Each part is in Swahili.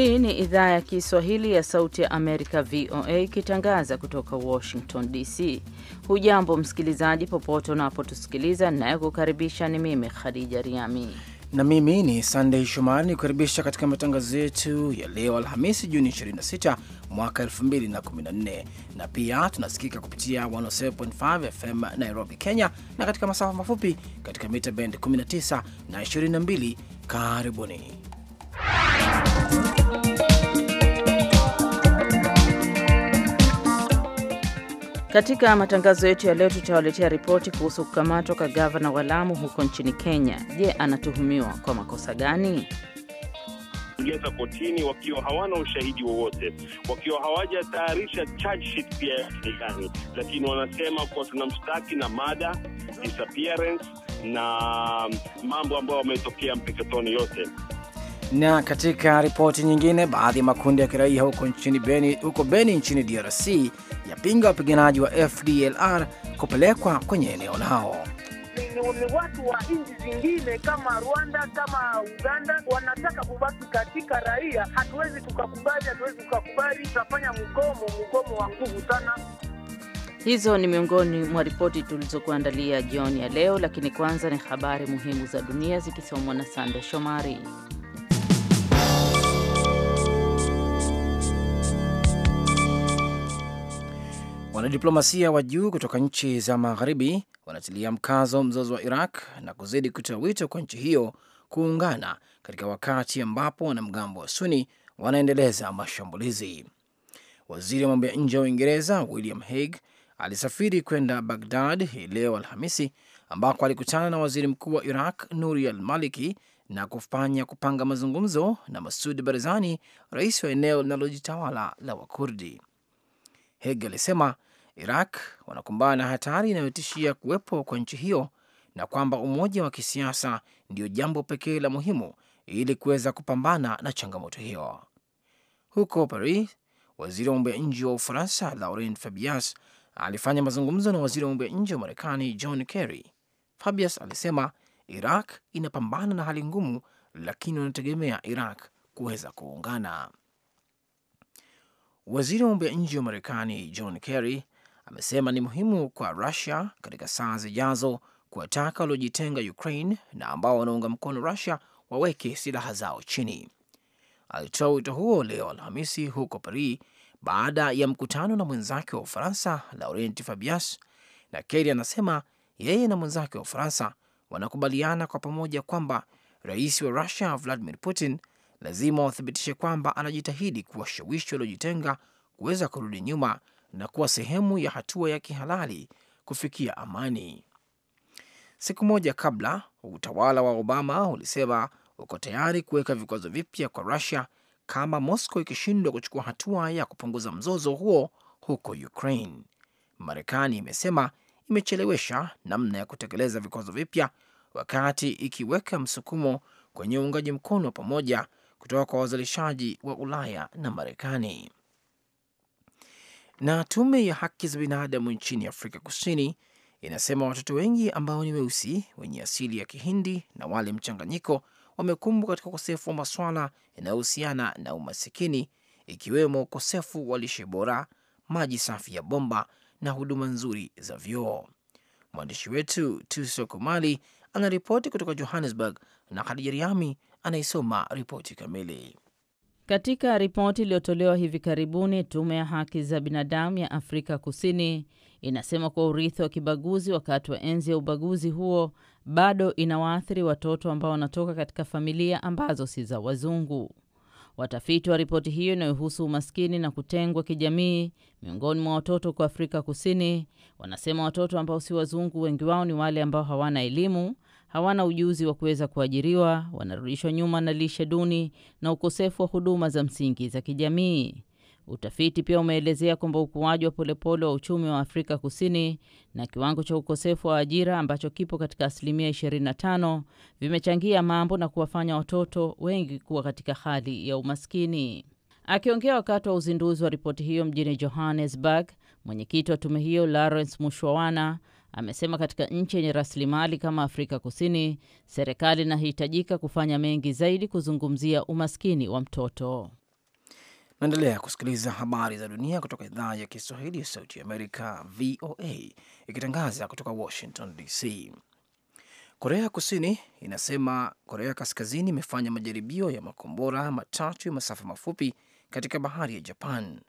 Hii ni idhaa ya Kiswahili ya Sauti ya Amerika, VOA, ikitangaza kutoka Washington DC. Hujambo msikilizaji, popote unapotusikiliza. Ninayekukaribisha ni mimi Khadija Riami na mimi ni Sandey Shomari ni kukaribisha katika matangazo yetu ya leo Alhamisi, Juni 26 mwaka 2014, na pia tunasikika kupitia 107.5 FM Nairobi, Kenya, na katika masafa mafupi katika mita bend 19 na 22. Karibuni. Katika matangazo yetu ya leo tutawaletea ripoti kuhusu kukamatwa kwa gavana wa Lamu huko nchini Kenya. Je, anatuhumiwa kwa makosa gani? Kujaza kotini wakiwa hawana ushahidi wowote, wakiwa hawajatayarisha charge sheet pia yaani gani, lakini wanasema kuwa tunamshtaki na mada disappearance na mambo ambayo wametokea Mpeketoni yote. Na katika ripoti nyingine, baadhi ya makundi ya kiraia huko nchini Beni, huko Beni nchini DRC yapinga wapiganaji wa FDLR kupelekwa kwenye eneo lao. Ni watu wa nchi zingine kama Rwanda, kama Uganda wanataka kubaki katika raia. Hatuwezi tukakubali, hatuwezi tukakubali, tutafanya mgomo, mgomo wa nguvu sana. Hizo ni miongoni mwa ripoti tulizokuandalia jioni ya leo, lakini kwanza ni habari muhimu za dunia zikisomwa na Sande Shomari. Wanadiplomasia wa juu kutoka nchi za magharibi wanatilia mkazo mzozo wa Iraq na kuzidi kutoa wito kwa nchi hiyo kuungana katika wakati ambapo wanamgambo wa Suni wanaendeleza mashambulizi. Waziri wa mambo ya nje wa Uingereza William Hague alisafiri kwenda Bagdad hii leo Alhamisi, ambako alikutana na waziri mkuu wa Iraq Nuri al Maliki na kufanya kupanga mazungumzo na Masud Barzani, rais wa eneo linalojitawala la Wakurdi. Hague alisema Iraq wanakumbana na hatari inayotishia kuwepo kwa nchi hiyo na kwamba umoja wa kisiasa ndiyo jambo pekee la muhimu ili kuweza kupambana na changamoto hiyo. Huko Paris, waziri wa mambo ya nje wa Ufaransa Laurent Fabius alifanya mazungumzo na waziri wa mambo ya nje wa Marekani John Kerry. Fabius alisema Iraq inapambana na hali ngumu, lakini wanategemea Iraq kuweza kuungana. Waziri wa mambo ya nje wa Marekani John Kerry amesema ni muhimu kwa Rusia katika saa zijazo kuwataka waliojitenga Ukraine na ambao wanaunga mkono Rusia waweke silaha zao chini. Alitoa wito huo leo Alhamisi huko Paris baada ya mkutano na mwenzake wa Ufaransa Laurent Fabius, na Kerry anasema yeye na mwenzake wa Ufaransa wanakubaliana kwa pamoja kwamba rais wa Rusia Vladimir Putin lazima wathibitishe kwamba anajitahidi kuwashawishi waliojitenga kuweza kurudi nyuma na kuwa sehemu ya hatua ya kihalali kufikia amani. Siku moja kabla, utawala wa Obama ulisema uko tayari kuweka vikwazo vipya kwa Rusia kama Moscow ikishindwa kuchukua hatua ya kupunguza mzozo huo huko Ukraine. Marekani imesema imechelewesha namna ya kutekeleza vikwazo vipya wakati ikiweka msukumo kwenye uungaji mkono wa pamoja kutoka kwa wazalishaji wa Ulaya na Marekani. Na tume ya haki za binadamu nchini Afrika Kusini inasema watoto wengi ambao ni weusi wenye asili ya Kihindi na wale mchanganyiko wamekumbwa katika ukosefu wa maswala yanayohusiana na umasikini, ikiwemo ukosefu wa lishe bora, maji safi ya bomba na huduma nzuri za vyoo. Mwandishi wetu Tuso Kumali anaripoti kutoka Johannesburg na Khadija Riami anaisoma ripoti kamili. Katika ripoti iliyotolewa hivi karibuni, tume ya haki za binadamu ya Afrika Kusini inasema kuwa urithi wa kibaguzi wakati wa enzi ya ubaguzi huo bado inawaathiri watoto ambao wanatoka katika familia ambazo si za wazungu. Watafiti wa ripoti hiyo inayohusu umaskini na kutengwa kijamii miongoni mwa watoto huko Afrika Kusini wanasema watoto ambao si wazungu wengi wao ni wale ambao hawana elimu, hawana ujuzi wa kuweza kuajiriwa, wanarudishwa nyuma na lishe duni na ukosefu wa huduma za msingi za kijamii. Utafiti pia umeelezea kwamba ukuaji wa polepole wa uchumi wa Afrika Kusini na kiwango cha ukosefu wa ajira ambacho kipo katika asilimia 25 vimechangia mambo na kuwafanya watoto wengi kuwa katika hali ya umaskini. Akiongea wakati wa uzinduzi wa ripoti hiyo mjini Johannesburg, mwenyekiti wa tume hiyo Lawrence mushawana Amesema katika nchi yenye rasilimali kama Afrika Kusini, serikali inahitajika kufanya mengi zaidi kuzungumzia umaskini wa mtoto. Naendelea kusikiliza habari za dunia kutoka idhaa ya Kiswahili ya Sauti ya Amerika, VOA, ikitangaza kutoka Washington DC. Korea Kusini inasema Korea Kaskazini imefanya majaribio ya makombora matatu ya masafa mafupi katika bahari ya Japan.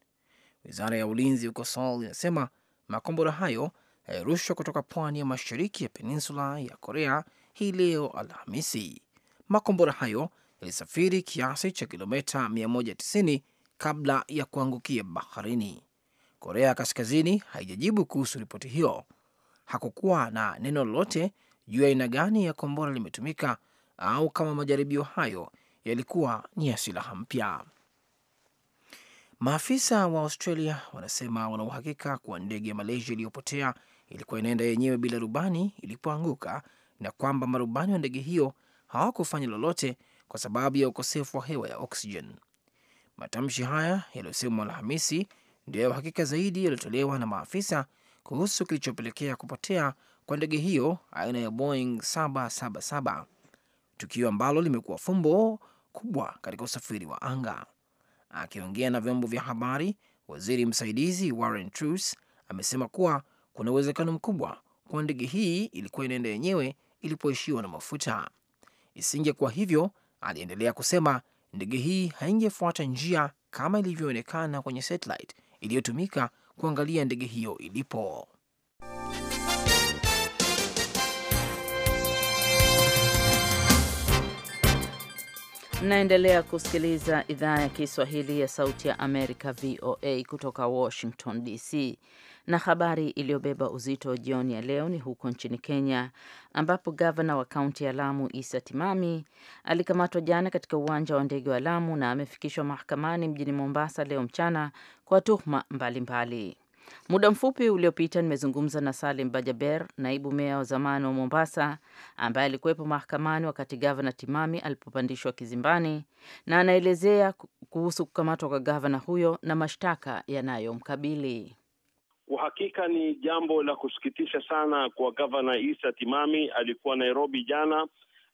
Wizara ya ulinzi huko Seoul inasema makombora hayo rushwa kutoka pwani ya mashariki ya peninsula ya Korea hii leo Alhamisi. Makombora hayo yalisafiri kiasi cha kilomita 190 kabla ya kuangukia baharini. Korea Kaskazini haijajibu kuhusu ripoti hiyo. Hakukuwa na neno lolote juu ya aina gani ya kombora limetumika au kama majaribio hayo yalikuwa ni ya silaha mpya. Maafisa wa Australia wanasema wana uhakika kuwa ndege ya Malaysia iliyopotea ilikuwa inaenda yenyewe bila rubani ilipoanguka na kwamba marubani wa ndege hiyo hawakufanya lolote kwa sababu ya ukosefu wa hewa ya oksijen. Matamshi haya yaliyosemwa Alhamisi ndiyo ya uhakika zaidi yaliyotolewa na maafisa kuhusu kilichopelekea kupotea kwa ndege hiyo aina ya Boeing 777, tukio ambalo limekuwa fumbo kubwa katika usafiri wa anga. Akiongea na vyombo vya habari, waziri msaidizi Warren Truss amesema kuwa kuna uwezekano mkubwa kuwa ndege hii ilikuwa inaenda yenyewe ilipoishiwa na mafuta. Isingekuwa hivyo, aliendelea kusema, ndege hii haingefuata njia kama ilivyoonekana kwenye satellite iliyotumika kuangalia ndege hiyo ilipo. Naendelea kusikiliza idhaa ya Kiswahili ya Sauti ya Amerika, VOA, kutoka Washington DC. Na habari iliyobeba uzito jioni ya leo ni huko nchini Kenya, ambapo gavana wa kaunti ya Lamu Isa Timami alikamatwa jana katika uwanja wa ndege wa Lamu na amefikishwa mahakamani mjini Mombasa leo mchana kwa tuhuma mbalimbali. Muda mfupi uliopita nimezungumza na Salim Bajaber, naibu meya wa zamani wa Mombasa, ambaye alikuwepo mahakamani wakati gavana Timami alipopandishwa kizimbani, na anaelezea kuhusu kukamatwa kwa gavana huyo na mashtaka yanayomkabili. Kwa hakika ni jambo la kusikitisha sana kwa gavana Isa Timami. Alikuwa Nairobi jana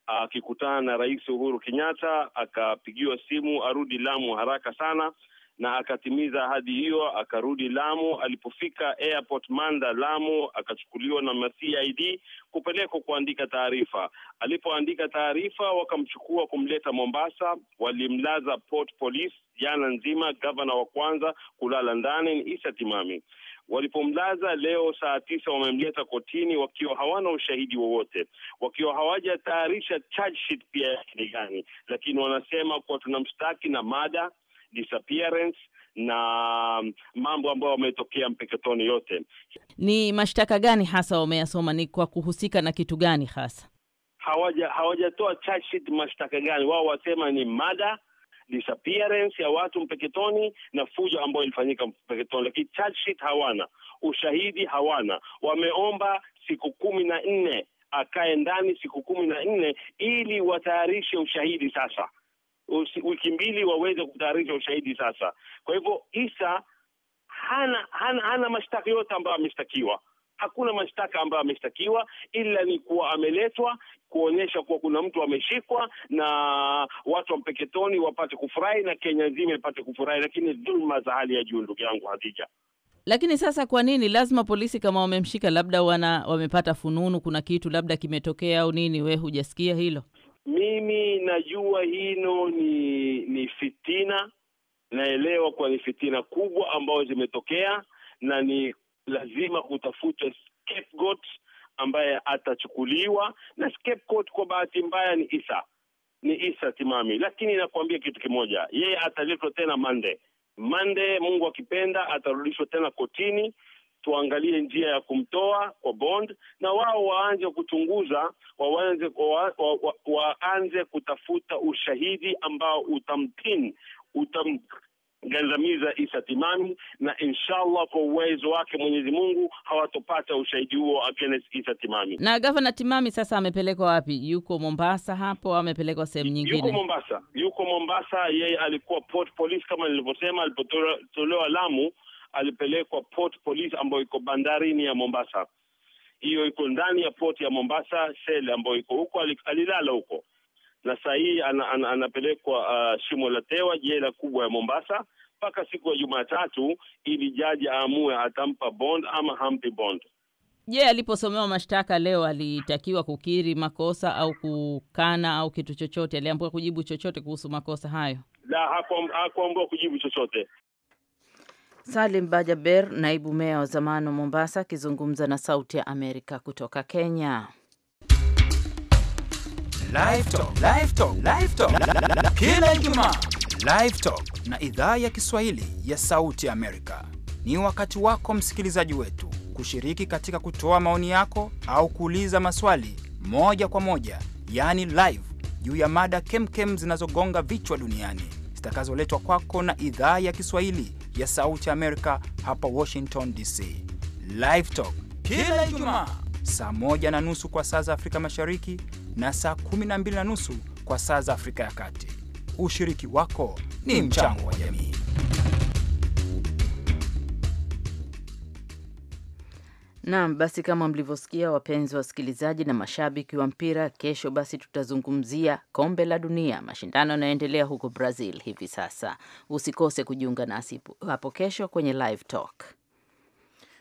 akikutana na Rais Uhuru Kenyatta, akapigiwa simu arudi Lamu haraka sana, na akatimiza ahadi hiyo, akarudi Lamu. Alipofika airport Manda Lamu, akachukuliwa na macid kupelekwa kuandika taarifa. Alipoandika taarifa, wakamchukua kumleta Mombasa, walimlaza port police jana nzima. Gavana wa kwanza kulala ndani ni Isa Timami. Walipomlaza leo saa tisa, wamemleta kotini wakiwa hawana ushahidi wowote, wakiwa hawajatayarisha charge sheet pia ya gani, lakini wanasema kuwa tunamshtaki na mada disappearance na mambo ambayo wametokea Mpeketoni. Yote ni mashtaka gani hasa wameyasoma? Ni kwa kuhusika na kitu gani hasa? Hawajatoa hawaja charge sheet, mashtaka gani wao, wasema ni mada disappearance ya watu Mpeketoni na fujo ambayo ilifanyika Mpeketoni, lakini charge sheet hawana, ushahidi hawana. Wameomba siku kumi na nne akae ndani siku kumi na nne ili watayarishe ushahidi sasa, wiki mbili waweze kutayarisha ushahidi sasa. Kwa hivyo Isa hana hana, hana mashtaka yote ambayo ameshtakiwa hakuna mashtaka ambayo ameshtakiwa, ila ni kuwa ameletwa kuonyesha kuwa kuna mtu ameshikwa na watu wa Mpeketoni wapate kufurahi na Kenya nzima ipate kufurahi, lakini dhuluma za hali ya juu, ndugu yangu Hadija. Lakini sasa kwa nini lazima polisi, kama wamemshika, labda wana wamepata fununu, kuna kitu labda kimetokea au nini? We hujasikia hilo? Mimi najua hino ni ni fitina, naelewa kuwa ni fitina kubwa ambayo zimetokea na ni lazima utafute scapegoat ambaye atachukuliwa na scapegoat. Kwa bahati mbaya ni Isa, ni Isa Timami, lakini nakwambia kitu kimoja, yeye ataletwa tena mande mande, Mungu akipenda atarudishwa tena kotini, tuangalie njia ya kumtoa kwa bond, na wao waanze kuchunguza, waanze wa, wa, wa, kutafuta ushahidi ambao utamtin utam gandamiza Isa Timami, na inshallah kwa uwezo wake Mwenyezi Mungu hawatopata ushahidi huo against Isa Timami. Na gavana Timami sasa amepelekwa wapi? Yuko Mombasa hapo, amepelekwa sehemu nyingine? Yuko Mombasa, yuko Mombasa. Yeye alikuwa port police kama nilivyosema, alipotolewa Lamu alipelekwa port police ambayo iko bandarini ya Mombasa. Hiyo iko ndani ya port ya Mombasa, sele ambayo iko huko, alilala huko na saa hii ana, ana, anapelekwa uh, shimo la Tewa, jela kubwa ya Mombasa mpaka siku ya Jumatatu ili jaji aamue atampa bond ama hampi bond. Je, yeah, aliposomewa mashtaka leo alitakiwa kukiri makosa au kukana au kitu chochote? Aliambiwa kujibu chochote kuhusu makosa hayo? La, hakuambiwa kujibu chochote. Salim Bajaber, naibu meya wa zamani wa Mombasa, akizungumza na Sauti ya Amerika kutoka Kenya kila Ijumaa. Live na idhaa ya Kiswahili ya Sauti Amerika. Ni wakati wako msikilizaji wetu kushiriki katika kutoa maoni yako au kuuliza maswali moja kwa moja, yani live, juu ya mada kemkem zinazogonga vichwa duniani zitakazoletwa kwako na idhaa ya Kiswahili ya Sauti Amerika hapa Washington DC. livetok kila Ijumaa saa moja na nusu kwa saa za Afrika Mashariki na saa 12 na nusu kwa saa za Afrika ya Kati. Ushiriki wako ni mchango wa jamii. Naam, basi kama mlivyosikia wapenzi wa wasikilizaji na mashabiki wa mpira, kesho basi tutazungumzia kombe la dunia, mashindano yanayoendelea huko Brazil hivi sasa. Usikose kujiunga nasi hapo kesho kwenye live talk.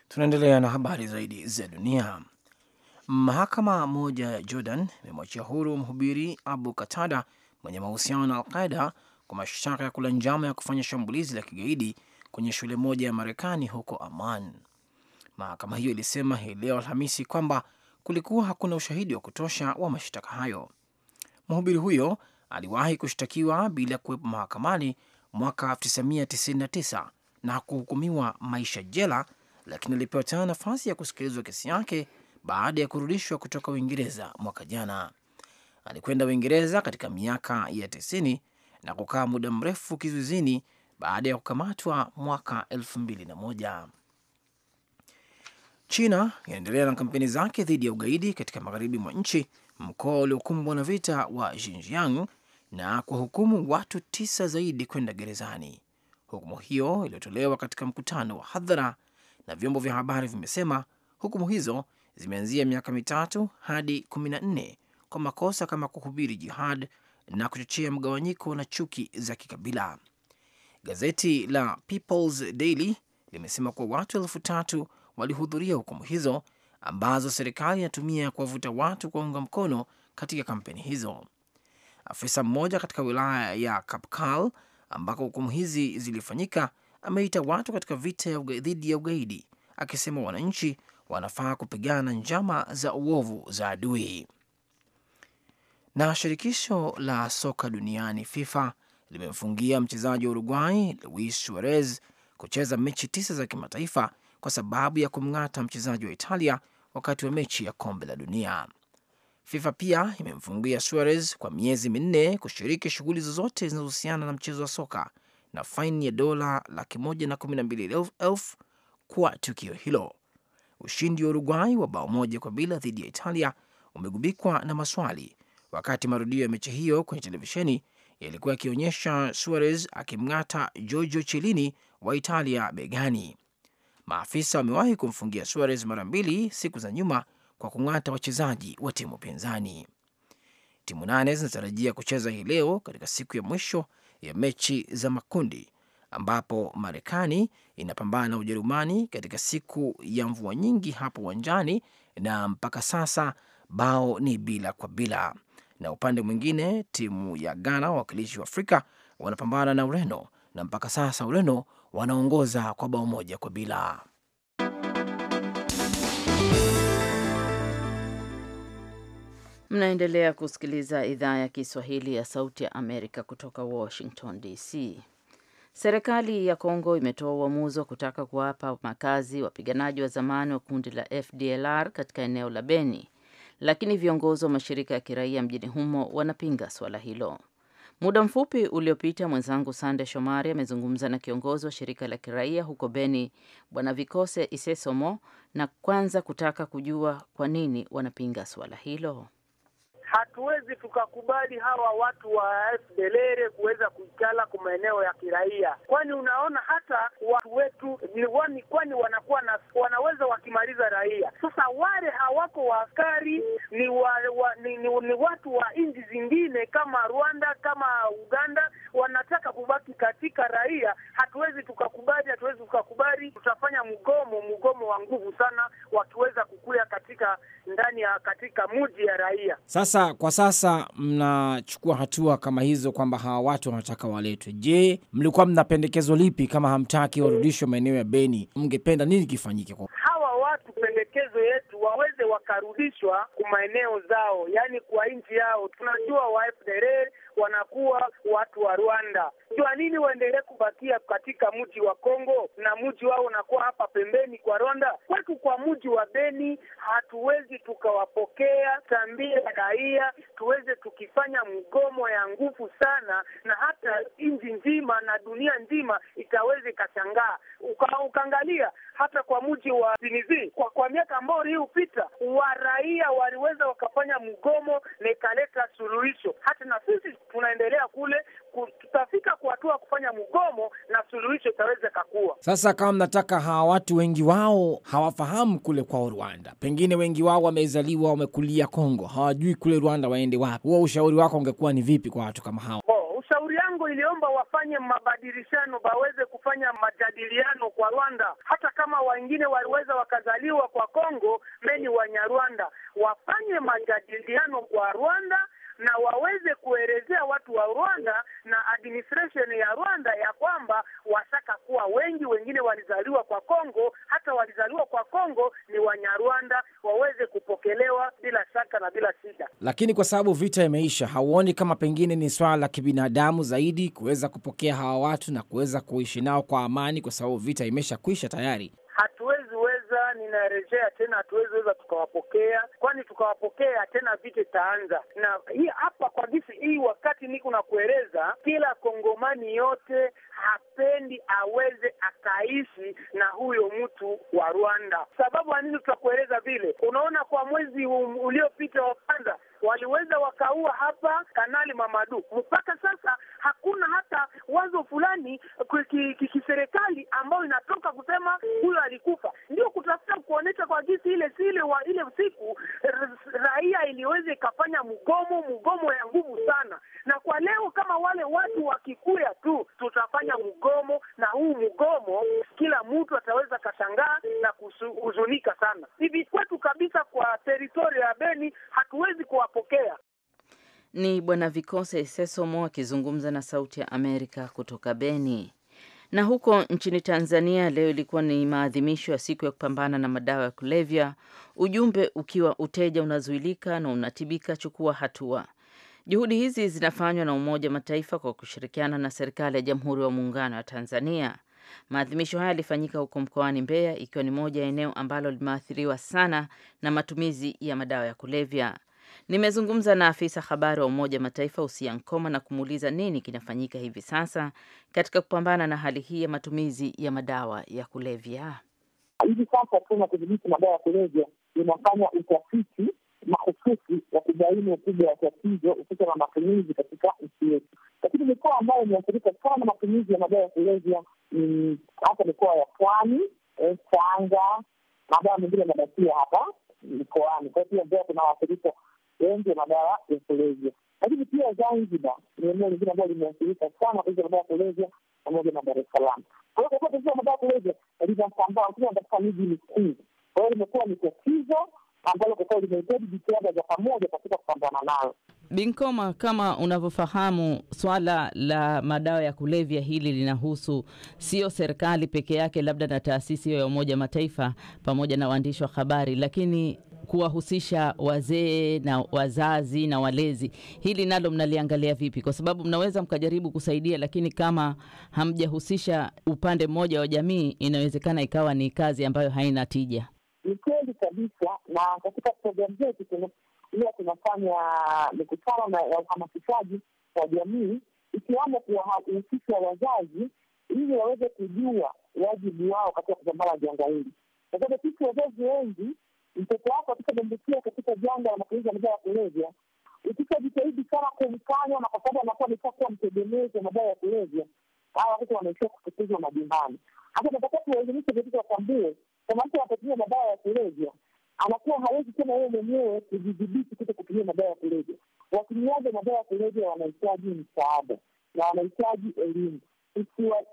Tunaendelea na habari zaidi za dunia. Mahakama moja ya Jordan imemwachia huru mhubiri Abu Katada mwenye mahusiano na Alqaida kwa mashtaka ya kula njama ya kufanya shambulizi la kigaidi kwenye shule moja ya Marekani huko Aman. Mahakama hiyo ilisema hii leo Alhamisi kwamba kulikuwa hakuna ushahidi wa kutosha wa mashtaka hayo. Mhubiri huyo aliwahi kushtakiwa bila kuwepo mahakamani mwaka 1999 na hakuhukumiwa maisha jela, lakini alipewa tena nafasi ya kusikilizwa kesi yake baada ya kurudishwa kutoka Uingereza mwaka jana. Alikwenda Uingereza katika miaka ya tisini na kukaa muda mrefu kizuizini baada ya kukamatwa mwaka elfu mbili na moja. China inaendelea na kampeni zake dhidi ya ugaidi katika magharibi mwa nchi, mkoa uliokumbwa na vita wa Xinjiang na kuwahukumu watu tisa zaidi kwenda gerezani. Hukumu hiyo iliyotolewa katika mkutano wa hadhara na vyombo vya habari vimesema hukumu hizo zimeanzia miaka mitatu hadi kumi na nne kwa makosa kama kuhubiri jihad na kuchochea mgawanyiko na chuki za kikabila. Gazeti la People's Daily limesema kuwa watu elfu tatu walihudhuria hukumu hizo ambazo serikali inatumia kuwavuta watu kuwaunga mkono katika kampeni hizo. Afisa mmoja katika wilaya ya Kapkal ambako hukumu hizi zilifanyika ameita watu katika vita dhidi ya ugaidi, akisema wananchi wanafaa kupigana na njama za uovu za adui. Na shirikisho la soka duniani FIFA limemfungia mchezaji wa Uruguay Luis Suarez kucheza mechi tisa za kimataifa kwa sababu ya kumng'ata mchezaji wa Italia wakati wa mechi ya kombe la dunia. FIFA pia imemfungia Suarez kwa miezi minne kushiriki shughuli zozote zinazohusiana na mchezo wa soka na faini ya dola laki moja na kumi na mbili elfu kwa tukio hilo. Ushindi wa Uruguay wa bao moja kwa bila dhidi ya Italia umegubikwa na maswali, wakati marudio ya mechi hiyo kwenye televisheni yalikuwa yakionyesha Suarez akimng'ata Giorgio Chiellini wa Italia begani. Maafisa wamewahi kumfungia Suarez mara mbili siku za nyuma kwa kung'ata wachezaji wa timu pinzani. Timu nane zinatarajia kucheza hii leo katika siku ya mwisho ya mechi za makundi ambapo Marekani inapambana na Ujerumani katika siku ya mvua nyingi hapo uwanjani, na mpaka sasa bao ni bila kwa bila. Na upande mwingine, timu ya Ghana, wawakilishi wa Afrika, wanapambana na Ureno na mpaka sasa Ureno wanaongoza kwa bao moja kwa bila. Mnaendelea kusikiliza idhaa ya Kiswahili ya Sauti ya Amerika kutoka Washington DC. Serikali ya Kongo imetoa uamuzi wa kutaka kuwapa makazi wapiganaji wa zamani wa kundi la FDLR katika eneo la Beni, lakini viongozi wa mashirika ya kiraia mjini humo wanapinga suala hilo. Muda mfupi uliopita mwenzangu Sande Shomari amezungumza na kiongozi wa shirika la kiraia huko Beni, Bwana Vikose Isesomo, na kwanza kutaka kujua kwa nini wanapinga suala hilo hatuwezi tukakubali hawa watu wa FDLR kuweza kuikala kwa maeneo ya kiraia, kwani unaona hata watu wetu ni kwani wanakuwa na, wanaweza wakimaliza raia. Sasa wale hawako waaskari ni, wa, wa, ni, ni, ni watu wa Sasa kwa sasa mnachukua hatua kama hizo kwamba hawa watu wanataka waletwe. Je, mlikuwa mna pendekezo lipi kama hamtaki warudishwe maeneo ya Beni? Mngependa nini kifanyike kwa hawa watu? Pendekezo yetu waweze wakarudishwa ku maeneo zao, yani kwa nchi yao. Tunajua wa wanakuwa watu wa Rwanda. Jua nini waendelee kubakia katika mji wa Kongo na mji wao unakuwa hapa pembeni kwa Rwanda? Kwetu kwa mji wa Beni hatuwezi tukawapokea tambia raia, tuweze tukifanya mgomo ya nguvu sana, na hata nchi nzima na dunia nzima itaweza ikashangaa. Uka, ukaangalia hata kwa mji wa Zinizi kwa, kwa miaka ambayo iliyopita waraia waliweza wakafanya mgomo na ikaleta suluhisho. Hata na sisi tunaendelea kule, tutafika kwa hatua kufanya mgomo na suluhisho itaweza kakuwa. Sasa kama mnataka, hawa watu wengi wao hawafahamu kule kwao Rwanda, pengine wengi wao wamezaliwa, wamekulia Kongo, hawajui kule Rwanda waende wapi. Huo ushauri wako ungekuwa ni vipi kwa watu kama hawa? Shauri yangu iliomba wafanye mabadilishano, waweze kufanya majadiliano kwa Rwanda. Hata kama wengine waliweza wakazaliwa kwa Kongo, meni rwanda wafanye majadiliano kwa Rwanda na waweze kuelezea watu wa Rwanda na administration ya Rwanda ya kwamba wasaka kuwa wengi wengine walizaliwa kwa Kongo, hata walizaliwa kwa Kongo ni Wanyarwanda, waweze kupokelewa bila shaka na bila shida. Lakini kwa sababu vita imeisha, hauoni kama pengine ni swala la kibinadamu zaidi kuweza kupokea hawa watu na kuweza kuishi nao kwa amani, kwa sababu vita imesha kuisha tayari? ninarejea tena, hatuwezeweza tukawapokea, kwani tukawapokea tena vita itaanza. Na hii hapa kwa gisi hii, wakati niko na kueleza, kila kongomani yote hapendi aweze akaishi na huyo mtu wa Rwanda. Sababu nini tutakueleza vile, unaona kwa mwezi uliopita wa kwanza waliweza wakaua hapa Kanali Mamadu. Mpaka sasa hakuna hata wazo fulani kiserikali ambayo inatoka kusema huyo alikufa, ndio kutafuta kuonyesha kwa jinsi ile sile wa ile usiku raia iliweza ikafanya mgomo, mgomo ya nguvu sana. Na kwa leo kama wale watu wakikuya tu, tutafanya mgomo, na huu mgomo kila mtu ataweza kashangaa na kuhuzunika sana. Hivi kwetu kabisa kwa teritoria ni Bwana Vikose Sesomo akizungumza na Sauti ya Amerika kutoka Beni. Na huko nchini Tanzania leo ilikuwa ni maadhimisho ya siku ya kupambana na madawa ya kulevya, ujumbe ukiwa uteja unazuilika na unatibika, chukua hatua. Juhudi hizi zinafanywa na Umoja wa Mataifa kwa kushirikiana na serikali ya Jamhuri ya Muungano wa Tanzania. Maadhimisho haya yalifanyika huko mkoani Mbeya, ikiwa ni moja ya eneo ambalo limeathiriwa sana na matumizi ya madawa ya kulevya. Nimezungumza na afisa habari wa Umoja Mataifa Usia Nkoma na kumuuliza nini kinafanyika hivi sasa katika kupambana na hali hii ya matumizi ya madawa ya kulevya. Hivi sasa tuna kudhibiti madawa ya kulevya, inafanya utafiti mahususi wa kubaini ukubwa wa tatizo hususa na matumizi katika nchi yetu, lakini mikoa ambayo imeathirika sana matumizi ya madawa ya kulevya ni hasa mikoa ya Pwani, eh, Tanga, madawa mengine yanabakia hapa mikoani. Kwa hiyo pia kuna waathirika ya madawa ya kulevya. Lakini pia Zanzibar ni eneo lingine ambayo limeathirika sana kuuza madawa ya kulevya pamoja na Dar es Salaam. Kwa hiyo kwa madawa ya kulevya linasambaa hususan katika miji mikuu. Kwa hiyo limekuwa ni tatizo ambalo kwa kweli linahitaji jitihada za pamoja katika kupambana nayo. Binkoma, kama unavyofahamu, swala la madawa ya kulevya hili linahusu sio serikali peke yake, labda na taasisi hiyo ya Umoja Mataifa pamoja na waandishi wa habari, lakini kuwahusisha wazee na wazazi na walezi, hili nalo mnaliangalia vipi? Kwa sababu mnaweza mkajaribu kusaidia, lakini kama hamjahusisha upande mmoja wa jamii, inawezekana ikawa ni kazi ambayo haina tija. Ni kweli kabisa, na katika programu zetu huwa tunafanya mikutano ya uhamasishaji wa jamii, ikiwamo kuwahusisha wazazi ili waweze kujua wajibu wao katika kupambana na janga hili, kwa sababu sisi wazazi wengi mtoto wako anapodumbukia katika janga la matumizi ya madawa ya kulevya, ukishajitahidi sana kumkanya na kwa sababu anakuwa ameshakuwa mtegemezi wa madawa ya kulevya, hawa watoto wanaishia kufukuzwa majumbani. Hata nataka tuwaelimishe katika watambue kwa mtu anapotumia madawa ya kulevya anakuwa hawezi tena yeye mwenyewe kujidhibiti kuto kutumia madawa ya kulevya. Watumiaji wa madawa ya kulevya wanahitaji msaada na wanahitaji elimu,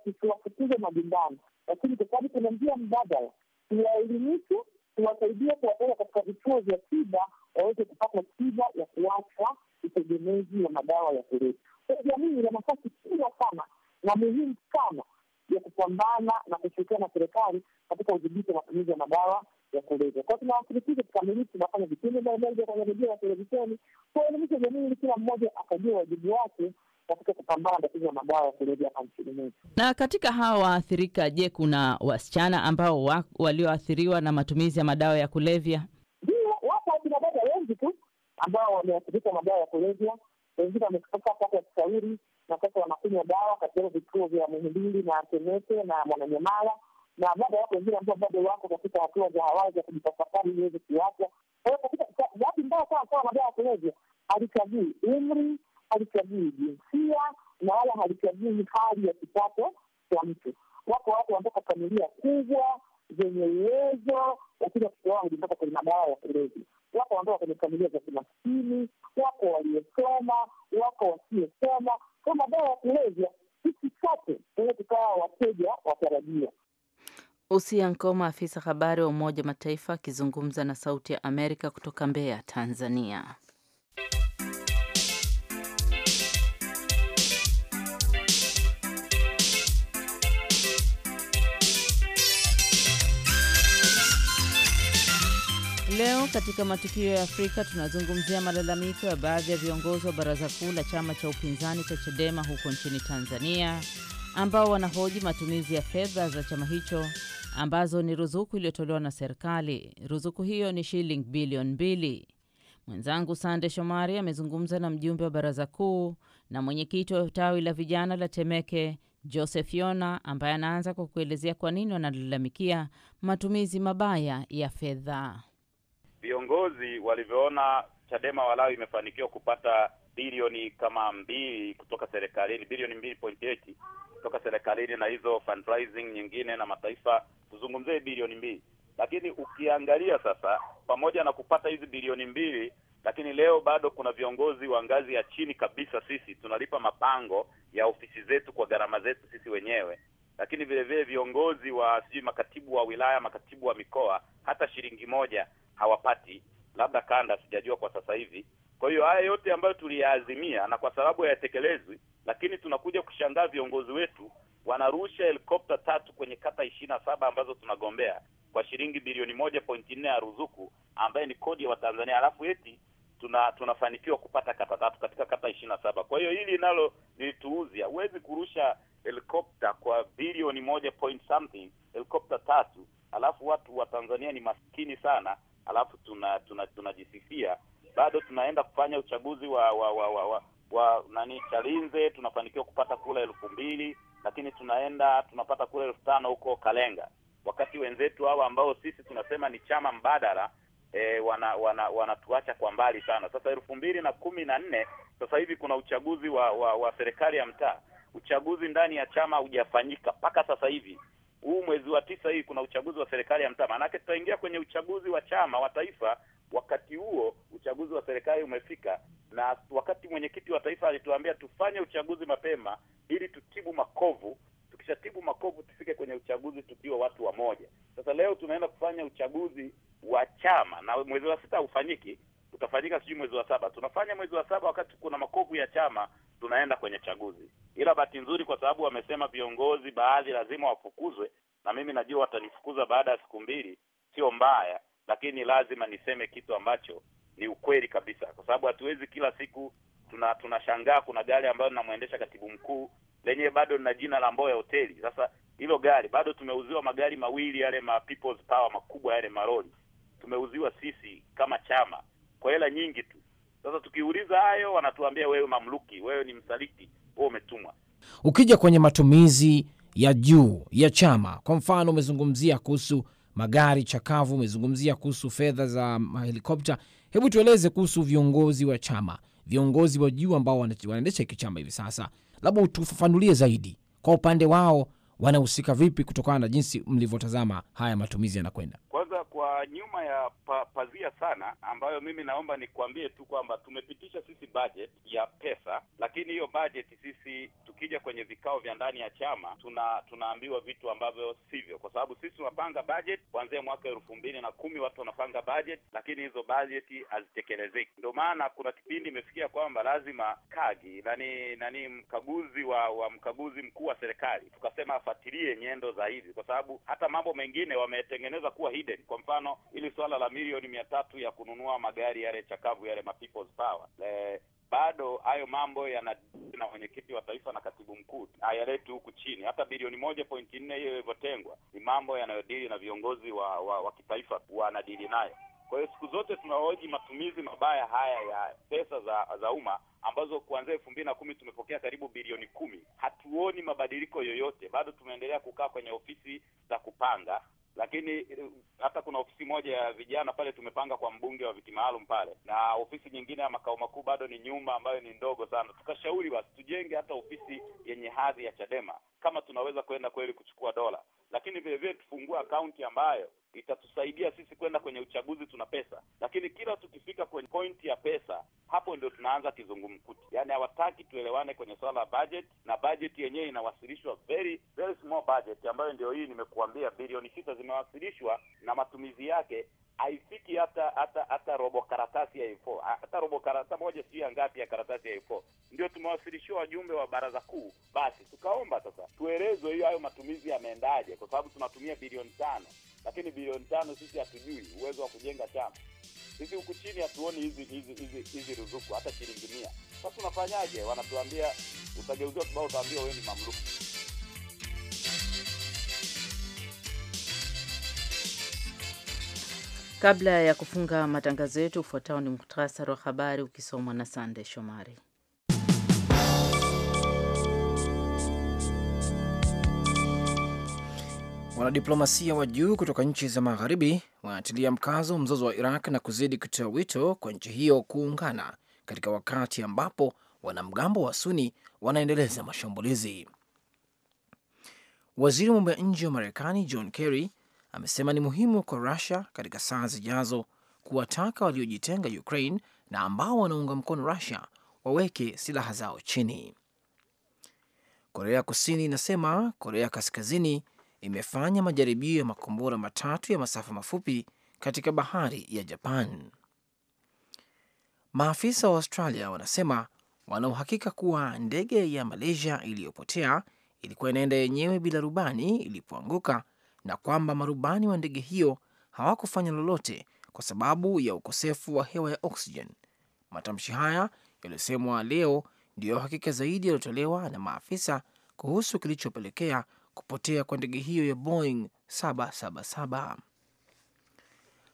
tusiwafukuze majumbani, lakini kwa sababu kuna njia mbadala, tuwaelimishe kuwasaidia kuwapeleka katika vituo vya tiba waweze kupata tiba ya kuacha utegemezi wa madawa ya kulevya. Kwa jamii ina nafasi kubwa sana na muhimu sana ya kupambana na kushirikiana na serikali katika udhibiti wa matumizi ya madawa ya kulevya. Kwao tunawashirikisha kikamilifu, tunafanya vipindi mbalimbali vya kwenye redio na televisheni kuelimisha jamii ili kila mmoja akajua wajibu wake katika kupambana na tatizo la madawa ya kulevya hapa nchini mwetu. Na katika hawa waathirika, je, kuna wasichana ambao wa, walioathiriwa na matumizi ya madawa ya kulevya? Ndio, wapo wakina dada wengi tu ambao wameathirika madawa ya kulevya. Wengine wametoka kata ya Kisawiri na sasa wanakunywa dawa katika vituo vya Muhimbili na Temeke na Mwananyamala, na bado wako wengine ambao bado wako katika hatua za awali za kujitafakari ili iweze kuacha. Kwa hiyo katika watu mbao sawa sawa madawa ya kulevya alichagui umri halichagui jinsia na wala halichagui hali ya kipato cha mtu. Wako watu wanatoka familia kubwa zenye uwezo, lakini watoto wao kwenye madawa ya kulevya. Wako wanatoka kwenye familia za kimaskini, wako waliosoma, wako wasiosoma. Kwa madawa ya kulevya, sisi sote tunaweza tukawa wateja watarajia. Usia Nkoma, afisa habari wa Umoja Mataifa, akizungumza na Sauti ya Amerika kutoka Mbeya, Tanzania. Leo katika matukio ya Afrika tunazungumzia malalamiko ya baadhi ya viongozi wa baraza kuu la chama cha upinzani cha Chadema huko nchini Tanzania ambao wanahoji matumizi ya fedha za chama hicho ambazo ni ruzuku iliyotolewa na serikali. Ruzuku hiyo ni shilingi bilioni mbili. Mwenzangu Sande Shomari amezungumza na mjumbe wa baraza kuu na mwenyekiti wa tawi la vijana la Temeke Joseph Yona ambaye anaanza kwa kuelezea kwa nini wanalalamikia matumizi mabaya ya fedha viongozi walivyoona Chadema walau imefanikiwa kupata bilioni kama mbili kutoka serikalini, bilioni mbili point eight kutoka serikalini na hizo fundraising nyingine na mataifa, tuzungumzie bilioni mbili. Lakini ukiangalia sasa, pamoja na kupata hizi bilioni mbili, lakini leo bado kuna viongozi wa ngazi ya chini kabisa, sisi tunalipa mapango ya ofisi zetu kwa gharama zetu sisi wenyewe, lakini vile vile viongozi wa sijui makatibu wa wilaya, makatibu wa mikoa, hata shilingi moja hawapati, labda kanda, sijajua kwa sasa hivi. Kwa hiyo haya yote ambayo tuliyaazimia na kwa sababu hayatekelezwi, lakini tunakuja kushangaa viongozi wetu wanarusha helikopta tatu kwenye kata ishirini na saba ambazo tunagombea kwa shilingi bilioni moja pointi nne ya ruzuku ambaye ni kodi ya Watanzania, alafu eti tuna- tunafanikiwa kupata kata tatu katika kata ishirini na saba. Kwa hiyo hili nalo lilituuzia. Huwezi kurusha helikopta kwa bilioni moja point something helikopta tatu, alafu watu wa Tanzania ni maskini sana, alafu tunajisifia tuna, tuna bado tunaenda kufanya uchaguzi wa wa wa, wa, wa, wa nani Chalinze, tunafanikiwa kupata kula elfu mbili lakini tunaenda tunapata kula elfu tano huko Kalenga, wakati wenzetu hawa ambao sisi tunasema ni chama mbadala E, wana- wana- wanatuacha kwa mbali sana. Sasa elfu mbili na kumi na nne sasa hivi kuna uchaguzi wa wa, wa serikali ya mtaa, uchaguzi ndani ya chama hujafanyika mpaka sasa hivi huu mwezi wa tisa hii kuna uchaguzi wa serikali ya mtaa, maanake tutaingia kwenye uchaguzi wa chama wa taifa. Wakati huo uchaguzi wa serikali umefika, na wakati mwenyekiti wa taifa alituambia tufanye uchaguzi mapema ili tutibu makovu, tukishatibu makovu tufike kwenye uchaguzi tukiwa watu wamoja. Sasa leo tunaenda kufanya uchaguzi wa chama, na mwezi wa sita haufanyiki, utafanyika sijui mwezi wa saba. Tunafanya mwezi wa saba wakati kuna makovu ya chama tunaenda kwenye chaguzi. Ila bahati nzuri, kwa sababu wamesema viongozi baadhi lazima wafukuzwe, na mimi najua watanifukuza baada ya siku mbili, sio mbaya, lakini lazima niseme kitu ambacho ni ukweli kabisa, kwa sababu hatuwezi kila siku tuna- tunashangaa kuna gari ambayo linamwendesha katibu mkuu lenyewe bado lina jina la Mboya hoteli. Sasa hilo gari bado tumeuziwa magari mawili yale ma People's Power makubwa yale maroli, tumeuziwa sisi kama chama kwa hela nyingi tu sasa tukiuliza hayo, wanatuambia wewe mamluki, wewe ni msaliti, wewe umetumwa. Ukija kwenye matumizi ya juu ya chama, kwa mfano, umezungumzia kuhusu magari chakavu, umezungumzia kuhusu fedha za mahelikopta Hebu tueleze kuhusu viongozi wa chama, viongozi wa juu ambao wanaendesha hiki chama hivi sasa, labda utufafanulie zaidi, kwa upande wao wanahusika vipi, kutokana na jinsi mlivyotazama haya matumizi yanakwenda. Kwanza nyuma ya pa, pazia sana, ambayo mimi naomba nikuambie tu kwamba tumepitisha sisi budget ya pesa, lakini hiyo budget sisi tukija kwenye vikao vya ndani ya chama tuna tunaambiwa vitu ambavyo sivyo, kwa sababu sisi tunapanga budget kuanzia mwaka elfu mbili na kumi watu wanapanga budget, lakini hizo budget hazitekelezeki. Ndio maana kuna kipindi imefikia kwamba lazima kagi nani nani mkaguzi wa, wa mkaguzi mkuu wa serikali tukasema afuatilie nyendo za hivi, kwa sababu hata mambo mengine wametengeneza kuwa hidden. Kwa mfano ili suala la milioni mia tatu ya kununua magari yale chakavu yale mapeoples power le, bado hayo mambo yana na mwenyekiti wa taifa na katibu mkuu hayaleti huku chini. Hata bilioni moja pointi nne hiyo ilivyotengwa ni mambo yanayodili na viongozi wa, wa, wa kitaifa wanadili nayo. Kwa hiyo siku zote tunaoji matumizi mabaya haya ya pesa za za umma ambazo kuanzia elfu mbili na kumi tumepokea karibu bilioni kumi. Hatuoni mabadiliko yoyote, bado tumeendelea kukaa kwenye ofisi za kupanga lakini eh, hata kuna ofisi moja ya vijana pale tumepanga kwa mbunge wa viti maalum pale, na ofisi nyingine ya makao makuu bado ni nyumba ambayo ni ndogo sana. Tukashauri basi tujenge hata ofisi yenye hadhi ya Chadema kama tunaweza kwenda kweli kuchukua dola, lakini vile vile tufungue akaunti ambayo itatusaidia sisi kwenda kwenye uchaguzi, tuna pesa, lakini kila tukifika kwenye pointi ya pesa, hapo ndio tunaanza kizungumkuti. Yani hawataki tuelewane kwenye swala la budget, na budget yenyewe inawasilishwa very very small budget, ambayo ndio hii nimekuambia, bilioni sita zimewasilishwa na matumizi yake haifiki hata hata hata robo karatasi ya ifo 4 hata robo karatasi moja, sijui ya ngapi ya karatasi ya ifo 4 Ndio tumewasilishia wajumbe wa baraza kuu, basi tukaomba sasa tuelezwe hiyo hayo matumizi yameendaje, kwa sababu tunatumia bilioni tano, lakini bilioni tano sisi hatujui uwezo wa kujenga chama. Sisi huku chini hatuoni hizi hizi hizi hizi ruzuku hata shilingi mia. Sasa tunafanyaje? Wanatuambia utageuziwa kibao, utaambiwa wewe ni mamluki. Kabla ya kufunga matangazo yetu, ufuatao ni muhtasari wa habari ukisomwa na Sande Shomari. Wanadiplomasia wa juu kutoka nchi za magharibi wanatilia mkazo mzozo wa Iraq na kuzidi kutoa wito kwa nchi hiyo kuungana katika wakati ambapo wanamgambo wa Suni wanaendeleza mashambulizi. Waziri wa mambo ya nje wa Marekani John Kerry amesema ni muhimu kwa Rusia katika saa zijazo kuwataka waliojitenga Ukraine na ambao wanaunga mkono Rusia waweke silaha zao chini. Korea Kusini inasema Korea Kaskazini imefanya majaribio ya makombora matatu ya masafa mafupi katika bahari ya Japan. Maafisa wa Australia wanasema wana uhakika kuwa ndege ya Malaysia iliyopotea ilikuwa inaenda yenyewe bila rubani ilipoanguka na kwamba marubani wa ndege hiyo hawakufanya lolote kwa sababu ya ukosefu wa hewa ya oksijen Matamshi haya yaliyosemwa leo ndiyo hakika zaidi yaliyotolewa na maafisa kuhusu kilichopelekea kupotea kwa ndege hiyo ya Boeing 777.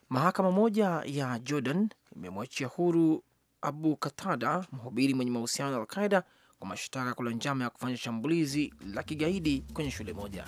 Mahakama moja ya Jordan imemwachia huru Abu Katada, mhubiri mwenye mahusiano na Alqaida kwa mashtaka kula njama ya kufanya shambulizi la kigaidi kwenye shule moja.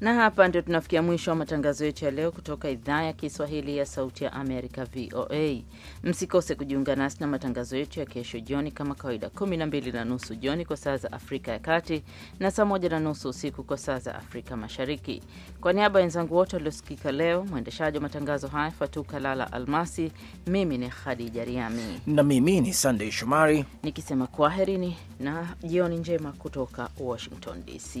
Na hapa ndio tunafikia mwisho wa matangazo yetu ya leo kutoka idhaa ya Kiswahili ya Sauti ya Amerika, VOA. Msikose kujiunga nasi na matangazo yetu ya kesho jioni kama kawaida, 12 na nusu jioni kwa saa za Afrika ya Kati na saa 1 na nusu usiku kwa saa za Afrika Mashariki. Kwa niaba ya wenzangu wote waliosikika leo, mwendeshaji wa matangazo haya Fatuka Lala Almasi, mimi ni Khadija Riami na mimi ni Sandey Shomari nikisema kwaherini na jioni njema kutoka Washington DC.